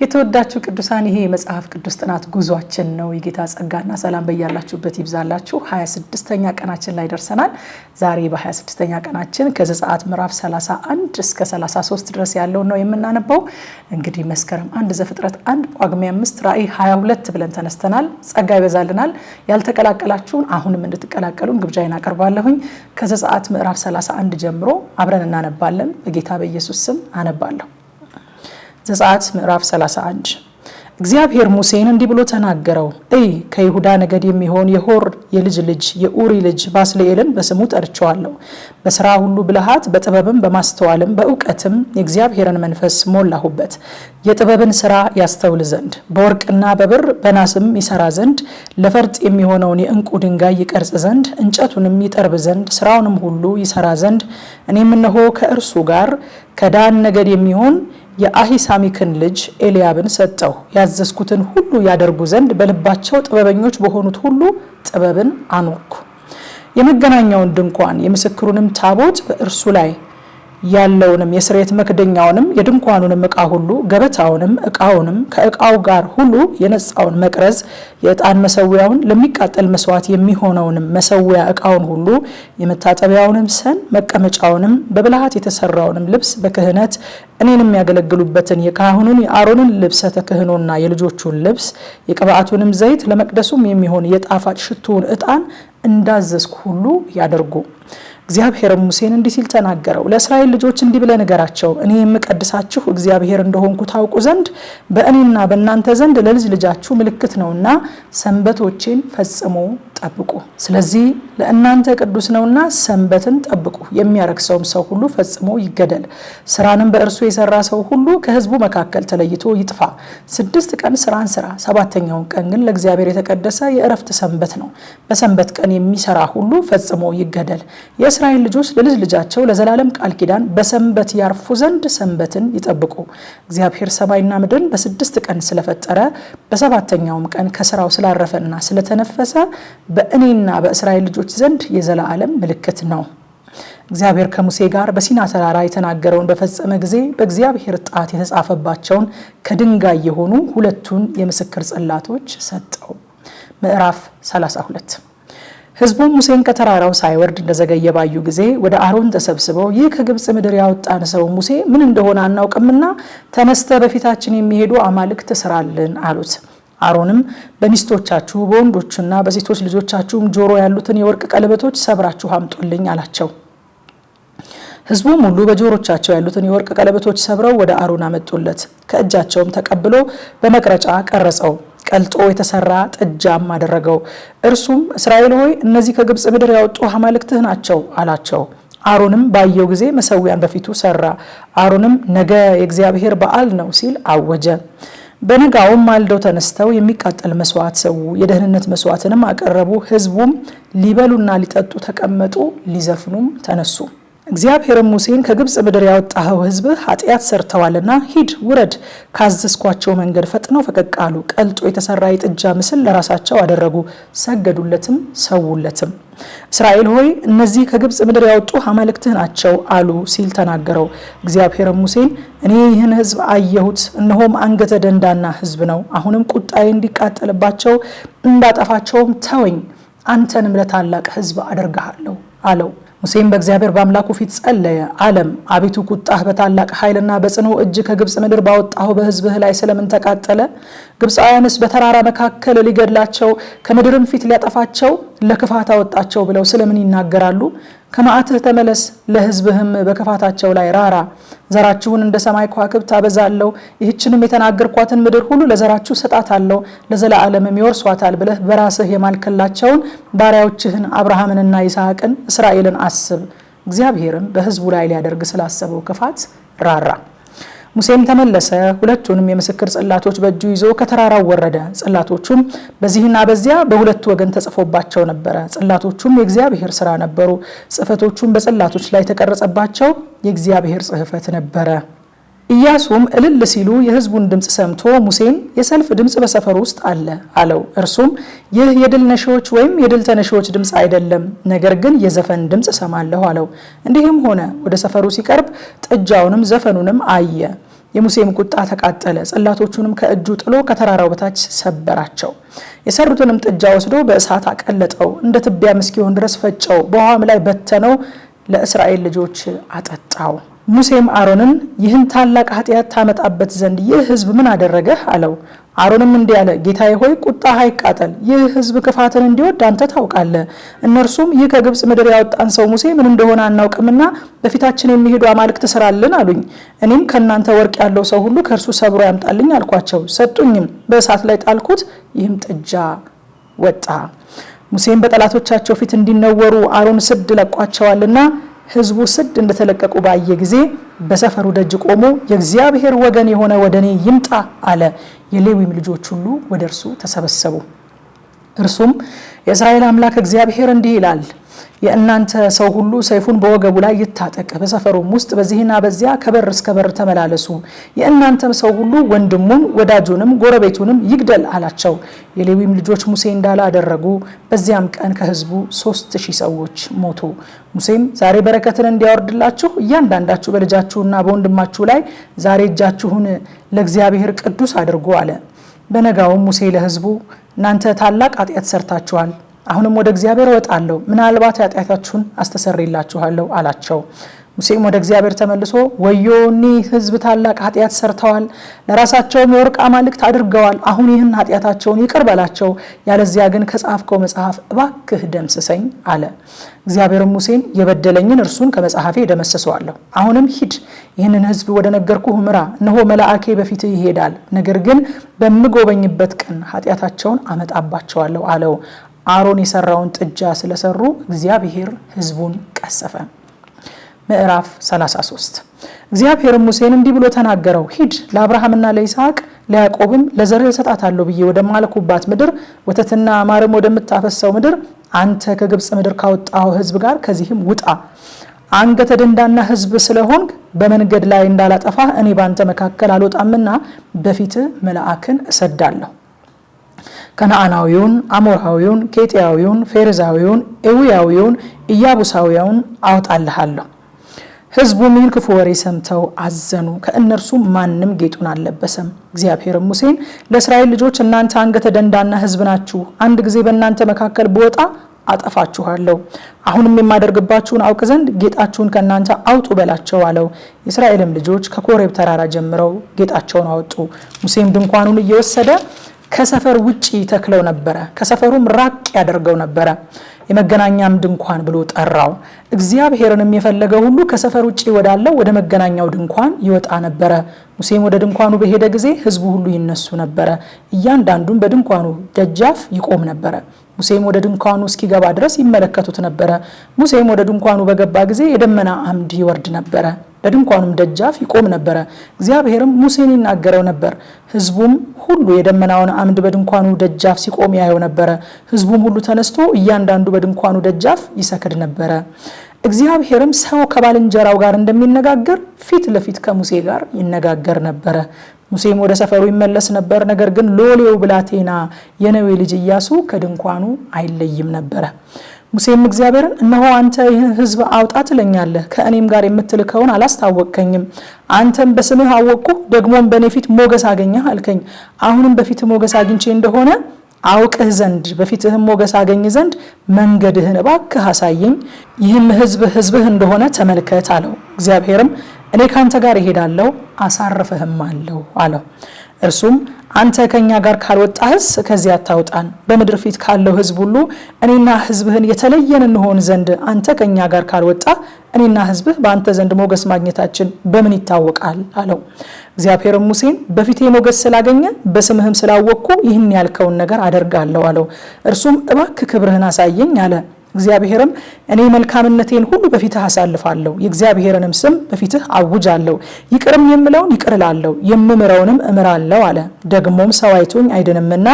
የተወዳችሁ ቅዱሳን ይሄ የመጽሐፍ ቅዱስ ጥናት ጉዟችን ነው። የጌታ ጸጋና ሰላም በያላችሁበት ይብዛላችሁ። 26ኛ ቀናችን ላይ ደርሰናል። ዛሬ በ26ኛ ቀናችን ከዘጸአት ምዕራፍ 31 እስከ 33 ድረስ ያለውን ነው የምናነበው። እንግዲህ መስከረም አንድ ዘፍጥረት አንድ ጳጉሜ አምስት ራእይ 22 ብለን ተነስተናል። ጸጋ ይበዛልናል። ያልተቀላቀላችሁን አሁንም እንድትቀላቀሉን ግብዣዬን አቀርባለሁኝ። ከዘጸአት ምዕራፍ 31 ጀምሮ አብረን እናነባለን። በጌታ በኢየሱስ ስም አነባለሁ። ዘጸአት ምዕራፍ 31 እግዚአብሔር ሙሴን እንዲህ ብሎ ተናገረው። እይ ከይሁዳ ነገድ የሚሆን የሆር የልጅ ልጅ የኡሪ ልጅ ባስልኤልን በስሙ ጠርቸዋለሁ። በስራ ሁሉ ብልሃት፣ በጥበብም በማስተዋልም በእውቀትም የእግዚአብሔርን መንፈስ ሞላሁበት፣ የጥበብን ስራ ያስተውል ዘንድ በወርቅና በብር በናስም ይሰራ ዘንድ ለፈርጥ የሚሆነውን የእንቁ ድንጋይ ይቀርጽ ዘንድ እንጨቱንም ይጠርብ ዘንድ ስራውንም ሁሉ ይሰራ ዘንድ እኔም እነሆ ከእርሱ ጋር ከዳን ነገድ የሚሆን የአሂሳሚክን ልጅ ኤልያብን ሰጠው፣ ያዘዝኩትን ሁሉ ያደርጉ ዘንድ በልባቸው ጥበበኞች በሆኑት ሁሉ ጥበብን አኖርኩ። የመገናኛውን ድንኳን የምስክሩንም ታቦት በእርሱ ላይ ያለውንም የስሬት መክደኛውንም የድንኳኑንም እቃ ሁሉ ገበታውንም እቃውንም ከእቃው ጋር ሁሉ የነጻውን መቅረዝ የዕጣን መሰዊያውን ለሚቃጠል መስዋዕት የሚሆነውንም መሰዊያ እቃውን ሁሉ የመታጠቢያውንም ሰን መቀመጫውንም በብልሃት የተሰራውንም ልብስ በክህነት እኔን የሚያገለግሉበትን የካህኑን የአሮንን ልብሰተ ክህኖና የልጆቹን ልብስ የቅባቱንም ዘይት ለመቅደሱም የሚሆን የጣፋጭ ሽቱውን ዕጣን እንዳዘዝኩ ሁሉ ያደርጉ። እግዚአብሔርም ሙሴን እንዲህ ሲል ተናገረው። ለእስራኤል ልጆች እንዲህ ብለህ ንገራቸው፣ እኔ የምቀድሳችሁ እግዚአብሔር እንደሆንኩ ታውቁ ዘንድ በእኔና በእናንተ ዘንድ ለልጅ ልጃችሁ ምልክት ነውና ሰንበቶችን ፈጽሞ ጠብቁ። ስለዚህ ለእናንተ ቅዱስ ነውና ሰንበትን ጠብቁ። የሚያረክሰውም ሰው ሁሉ ፈጽሞ ይገደል። ስራንም በእርሱ የሰራ ሰው ሁሉ ከሕዝቡ መካከል ተለይቶ ይጥፋ። ስድስት ቀን ስራን ስራ፣ ሰባተኛውን ቀን ግን ለእግዚአብሔር የተቀደሰ የእረፍት ሰንበት ነው። በሰንበት ቀን የሚሰራ ሁሉ ፈጽሞ ይገደል። የእስራኤል ልጆች ለልጅ ልጃቸው ለዘላለም ቃል ኪዳን በሰንበት ያርፉ ዘንድ ሰንበትን ይጠብቁ። እግዚአብሔር ሰማይና ምድርን በስድስት ቀን ስለፈጠረ በሰባተኛውም ቀን ከስራው ስላረፈና ስለተነፈሰ በእኔና በእስራኤል ልጆች ዘንድ የዘላለም ምልክት ነው። እግዚአብሔር ከሙሴ ጋር በሲና ተራራ የተናገረውን በፈጸመ ጊዜ በእግዚአብሔር ጣት የተጻፈባቸውን ከድንጋይ የሆኑ ሁለቱን የምስክር ጽላቶች ሰጠው። ምዕራፍ 32 ሕዝቡም ሙሴን ከተራራው ሳይወርድ እንደዘገየ ባዩ ጊዜ ወደ አሮን ተሰብስበው ይህ ከግብፅ ምድር ያወጣን ሰው ሙሴ ምን እንደሆነ አናውቅምና ተነስተ በፊታችን የሚሄዱ አማልክት ስራልን አሉት። አሮንም በሚስቶቻችሁ በወንዶችና በሴቶች ልጆቻችሁም ጆሮ ያሉትን የወርቅ ቀለበቶች ሰብራችሁ አምጡልኝ አላቸው። ሕዝቡም ሁሉ በጆሮቻቸው ያሉትን የወርቅ ቀለበቶች ሰብረው ወደ አሮን አመጡለት። ከእጃቸውም ተቀብሎ በመቅረጫ ቀረጸው፣ ቀልጦ የተሰራ ጥጃም አደረገው። እርሱም እስራኤል ሆይ እነዚህ ከግብፅ ምድር ያወጡ አማልክትህ ናቸው አላቸው። አሮንም ባየው ጊዜ መሰዊያን በፊቱ ሰራ። አሮንም ነገ የእግዚአብሔር በዓል ነው ሲል አወጀ። በነጋውም ማልደው ተነስተው የሚቃጠል መስዋዕት ሰው የደህንነት መስዋዕትንም አቀረቡ። ህዝቡም ሊበሉና ሊጠጡ ተቀመጡ፣ ሊዘፍኑም ተነሱ። እግዚአብሔርም ሙሴን ከግብፅ ምድር ያወጣኸው ህዝብ ኃጢአት ሰርተዋልና ሂድ ውረድ፣ ካዘዝኳቸው መንገድ ፈጥነው ፈቀቅ አሉ። ቀልጦ የተሰራ የጥጃ ምስል ለራሳቸው አደረጉ፣ ሰገዱለትም ሰውለትም። እስራኤል ሆይ እነዚህ ከግብፅ ምድር ያወጡ አማልክትህ ናቸው አሉ ሲል ተናገረው። እግዚአብሔርም ሙሴን እኔ ይህን ህዝብ አየሁት፣ እነሆም አንገተ ደንዳና ህዝብ ነው። አሁንም ቁጣዬ እንዲቃጠልባቸው እንዳጠፋቸውም ተወኝ፣ አንተንም ለታላቅ ህዝብ አደርግሃለሁ አለው። ሙሴም በእግዚአብሔር በአምላኩ ፊት ጸለየ አለም አቤቱ ቁጣህ በታላቅ ኃይልና በጽኑ እጅ ከግብፅ ምድር ባወጣሁ በሕዝብህ ላይ ስለምን ተቃጠለ? ግብፃውያንስ በተራራ መካከል ሊገድላቸው ከምድርም ፊት ሊያጠፋቸው ለክፋት አወጣቸው ብለው ስለምን ይናገራሉ? ከማዕትህ ተመለስ፣ ለሕዝብህም በክፋታቸው ላይ ራራ። ዘራችሁን እንደ ሰማይ ከዋክብት አበዛለሁ፣ ይህችንም የተናገርኳትን ምድር ሁሉ ለዘራችሁ ሰጣታለሁ፣ ለዘላለምም ይወርሷታል ብለህ በራስህ የማልክላቸውን ባሪያዎችህን አብርሃምንና ይስሐቅን እስራኤልን አስብ፣ እግዚአብሔርም በሕዝቡ ላይ ሊያደርግ ስላሰበው ክፋት ራራ። ሙሴም ተመለሰ፣ ሁለቱንም የምስክር ጽላቶች በእጁ ይዞ ከተራራው ወረደ። ጽላቶቹም በዚህና በዚያ በሁለቱ ወገን ተጽፎባቸው ነበረ። ጽላቶቹም የእግዚአብሔር ስራ ነበሩ። ጽፈቶቹም በጽላቶች ላይ ተቀረጸባቸው፣ የእግዚአብሔር ጽህፈት ነበረ። ኢያሱም እልል ሲሉ የህዝቡን ድምፅ ሰምቶ ሙሴን የሰልፍ ድምፅ በሰፈር ውስጥ አለ አለው። እርሱም ይህ የድል ነሺዎች ወይም የድል ተነሺዎች ድምፅ አይደለም፣ ነገር ግን የዘፈን ድምፅ ሰማለሁ አለው። እንዲህም ሆነ፣ ወደ ሰፈሩ ሲቀርብ ጥጃውንም ዘፈኑንም አየ። የሙሴም ቁጣ ተቃጠለ፣ ጽላቶቹንም ከእጁ ጥሎ ከተራራው በታች ሰበራቸው። የሰሩትንም ጥጃ ወስዶ በእሳት አቀለጠው፣ እንደ ትቢያም እስኪሆን ድረስ ፈጨው፣ በውሃም ላይ በተነው፣ ለእስራኤል ልጆች አጠጣው። ሙሴም አሮንን ይህን ታላቅ ኃጢአት ታመጣበት ዘንድ ይህ ሕዝብ ምን አደረገህ? አለው። አሮንም እንዲህ አለ፣ ጌታዬ ሆይ ቁጣ አይቃጠል። ይህ ሕዝብ ክፋትን እንዲወድ አንተ ታውቃለህ። እነርሱም ይህ ከግብፅ ምድር ያወጣን ሰው ሙሴ ምን እንደሆነ አናውቅምና በፊታችን የሚሄዱ አማልክት ስራልን አሉኝ። እኔም ከእናንተ ወርቅ ያለው ሰው ሁሉ ከእርሱ ሰብሮ ያምጣልኝ አልኳቸው። ሰጡኝም፣ በእሳት ላይ ጣልኩት፣ ይህም ጥጃ ወጣ። ሙሴም በጠላቶቻቸው ፊት እንዲነወሩ አሮን ስድ ለቋቸዋልና ህዝቡ ስድ እንደተለቀቁ ባየ ጊዜ በሰፈሩ ደጅ ቆሞ የእግዚአብሔር ወገን የሆነ ወደ እኔ ይምጣ አለ። የሌዊም ልጆች ሁሉ ወደ እርሱ ተሰበሰቡ። እርሱም የእስራኤል አምላክ እግዚአብሔር እንዲህ ይላል የእናንተ ሰው ሁሉ ሰይፉን በወገቡ ላይ ይታጠቅ፣ በሰፈሩም ውስጥ በዚህና በዚያ ከበር እስከ በር ተመላለሱ፣ የእናንተም ሰው ሁሉ ወንድሙን ወዳጁንም ጎረቤቱንም ይግደል አላቸው። የሌዊም ልጆች ሙሴ እንዳለ አደረጉ። በዚያም ቀን ከህዝቡ ሶስት ሺህ ሰዎች ሞቱ። ሙሴም ዛሬ በረከትን እንዲያወርድላችሁ እያንዳንዳችሁ በልጃችሁና በወንድማችሁ ላይ ዛሬ እጃችሁን ለእግዚአብሔር ቅዱስ አድርጉ አለ። በነጋውም ሙሴ ለህዝቡ እናንተ ታላቅ ኃጢአት ሰርታችኋል አሁንም ወደ እግዚአብሔር እወጣለሁ፣ ምናልባት ኃጢአታችሁን አስተሰርይላችኋለሁ አላቸው። ሙሴም ወደ እግዚአብሔር ተመልሶ ወዮኒ ህዝብ ሕዝብ ታላቅ ኃጢአት ሰርተዋል፣ ለራሳቸውም የወርቅ አማልክት አድርገዋል። አሁን ይህን ኃጢአታቸውን ይቅር በላቸው፣ ያለዚያ ግን ከጻፍከው መጽሐፍ እባክህ ደምስሰኝ አለ። እግዚአብሔርም ሙሴን የበደለኝን እርሱን ከመጽሐፌ እደመስሰዋለሁ። አሁንም ሂድ፣ ይህንን ሕዝብ ወደ ነገርኩ ምራ። እነሆ መላአኬ በፊትህ ይሄዳል፣ ነገር ግን በምጎበኝበት ቀን ኃጢአታቸውን አመጣባቸዋለሁ አለው። አሮን የሰራውን ጥጃ ስለሰሩ እግዚአብሔር ህዝቡን ቀሰፈ። ምዕራፍ 33 እግዚአብሔርም ሙሴን እንዲህ ብሎ ተናገረው፣ ሂድ ለአብርሃምና ለይስሐቅ ለያዕቆብም ለዘርህ እሰጣታለሁ ብዬ ወደማልኩባት ምድር ወተትና ማርም ወደምታፈሰው ምድር አንተ ከግብፅ ምድር ካወጣው ህዝብ ጋር ከዚህም ውጣ አንገተ ደንዳና ህዝብ ስለሆን በመንገድ ላይ እንዳላጠፋህ እኔ በአንተ መካከል አልወጣምና በፊትህ መልአክን እሰዳለሁ። ከነአናዊውን፣ አሞራዊውን፣ ኬጢያዊውን፣ ፌርዛዊውን፣ ኤዊያዊውን፣ ኢያቡሳዊያውን አውጣልሃለሁ። ሕዝቡም ይህን ክፉ ወሬ ሰምተው አዘኑ፣ ከእነርሱ ማንም ጌጡን አልለበሰም። እግዚአብሔርም ሙሴን ለእስራኤል ልጆች እናንተ አንገተ ደንዳና ህዝብ ናችሁ፣ አንድ ጊዜ በእናንተ መካከል ብወጣ አጠፋችኋለሁ። አሁንም የማደርግባችሁን አውቅ ዘንድ ጌጣችሁን ከእናንተ አውጡ በላቸው አለው። የእስራኤልም ልጆች ከኮሬብ ተራራ ጀምረው ጌጣቸውን አወጡ። ሙሴም ድንኳኑን እየወሰደ ከሰፈር ውጪ ተክለው ነበረ፣ ከሰፈሩም ራቅ ያደርገው ነበረ። የመገናኛም ድንኳን ብሎ ጠራው። እግዚአብሔርንም የፈለገ ሁሉ ከሰፈር ውጪ ወዳለው ወደ መገናኛው ድንኳን ይወጣ ነበረ። ሙሴም ወደ ድንኳኑ በሄደ ጊዜ ሕዝቡ ሁሉ ይነሱ ነበረ፣ እያንዳንዱም በድንኳኑ ደጃፍ ይቆም ነበረ። ሙሴም ወደ ድንኳኑ እስኪገባ ድረስ ይመለከቱት ነበረ። ሙሴም ወደ ድንኳኑ በገባ ጊዜ የደመና አምድ ይወርድ ነበረ። በድንኳኑም ደጃፍ ይቆም ነበረ። እግዚአብሔርም ሙሴን ይናገረው ነበር። ሕዝቡም ሁሉ የደመናውን አምድ በድንኳኑ ደጃፍ ሲቆም ያየው ነበረ። ሕዝቡም ሁሉ ተነስቶ እያንዳንዱ በድንኳኑ ደጃፍ ይሰክድ ነበረ። እግዚአብሔርም ሰው ከባልንጀራው ጋር እንደሚነጋገር ፊት ለፊት ከሙሴ ጋር ይነጋገር ነበረ። ሙሴም ወደ ሰፈሩ ይመለስ ነበር። ነገር ግን ሎሌው ብላቴና የነዌ ልጅ ኢያሱ ከድንኳኑ አይለይም ነበረ። ሙሴም እግዚአብሔርን እነሆ አንተ ይህን ሕዝብ አውጣ ትለኛለህ፣ ከእኔም ጋር የምትልከውን አላስታወቅከኝም። አንተም በስምህ አወቁ ደግሞም በእኔ ፊት ሞገስ አገኘህ አልከኝ። አሁንም በፊት ሞገስ አግኝቼ እንደሆነ አውቅህ ዘንድ በፊትህም ሞገስ አገኝ ዘንድ መንገድህን እባክህ አሳየኝ፣ ይህም ሕዝብ ሕዝብህ እንደሆነ ተመልከት አለው። እግዚአብሔርም እኔ ከአንተ ጋር እሄዳለሁ አሳርፍህም አለው አለው። እርሱም አንተ ከኛ ጋር ካልወጣህስ ከዚህ አታውጣን። በምድር ፊት ካለው ሕዝብ ሁሉ እኔና ሕዝብህን የተለየን እንሆን ዘንድ አንተ ከኛ ጋር ካልወጣ እኔና ሕዝብህ በአንተ ዘንድ ሞገስ ማግኘታችን በምን ይታወቃል? አለው። እግዚአብሔርም ሙሴን በፊቴ ሞገስ ስላገኘ በስምህም ስላወቅኩ ይህን ያልከውን ነገር አደርጋለሁ አለው። እርሱም እባክህ ክብርህን አሳየኝ አለ። እግዚአብሔርም እኔ መልካምነቴን ሁሉ በፊትህ አሳልፋለሁ፣ የእግዚአብሔርንም ስም በፊትህ አውጃለሁ፣ ይቅርም የምለውን ይቅር እላለሁ፣ የምምረውንም እምራለሁ አለ። ደግሞም ሰው አይቶኝ አይድንምና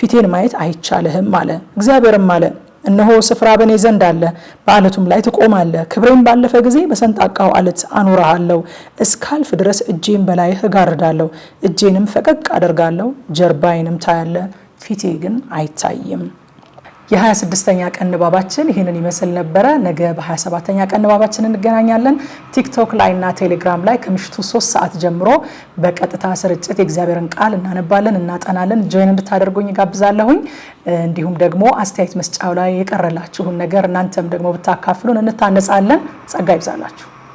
ፊቴን ማየት አይቻልህም አለ። እግዚአብሔርም አለ እነሆ ስፍራ በእኔ ዘንድ አለ፣ በአለቱም ላይ ትቆማለህ። ክብሬም ባለፈ ጊዜ በሰንጣቃው አለት አኖረሃለሁ። እስካልፍ ድረስ እጄን በላይህ እጋርዳለሁ፣ እጄንም ፈቀቅ አደርጋለሁ፣ ጀርባዬንም ታያለህ፣ ፊቴ ግን አይታይም። የ26ኛ ቀን ንባባችን ይህንን ይመስል ነበረ። ነገ በ27ኛ ቀን ንባባችን እንገናኛለን። ቲክቶክ ላይ እና ቴሌግራም ላይ ከምሽቱ ሶስት ሰዓት ጀምሮ በቀጥታ ስርጭት የእግዚአብሔርን ቃል እናነባለን፣ እናጠናለን። ጆይን እንድታደርጉኝ ጋብዛለሁኝ። እንዲሁም ደግሞ አስተያየት መስጫው ላይ የቀረላችሁን ነገር እናንተም ደግሞ ብታካፍሉን እንታነጻለን። ጸጋ ይብዛላችሁ።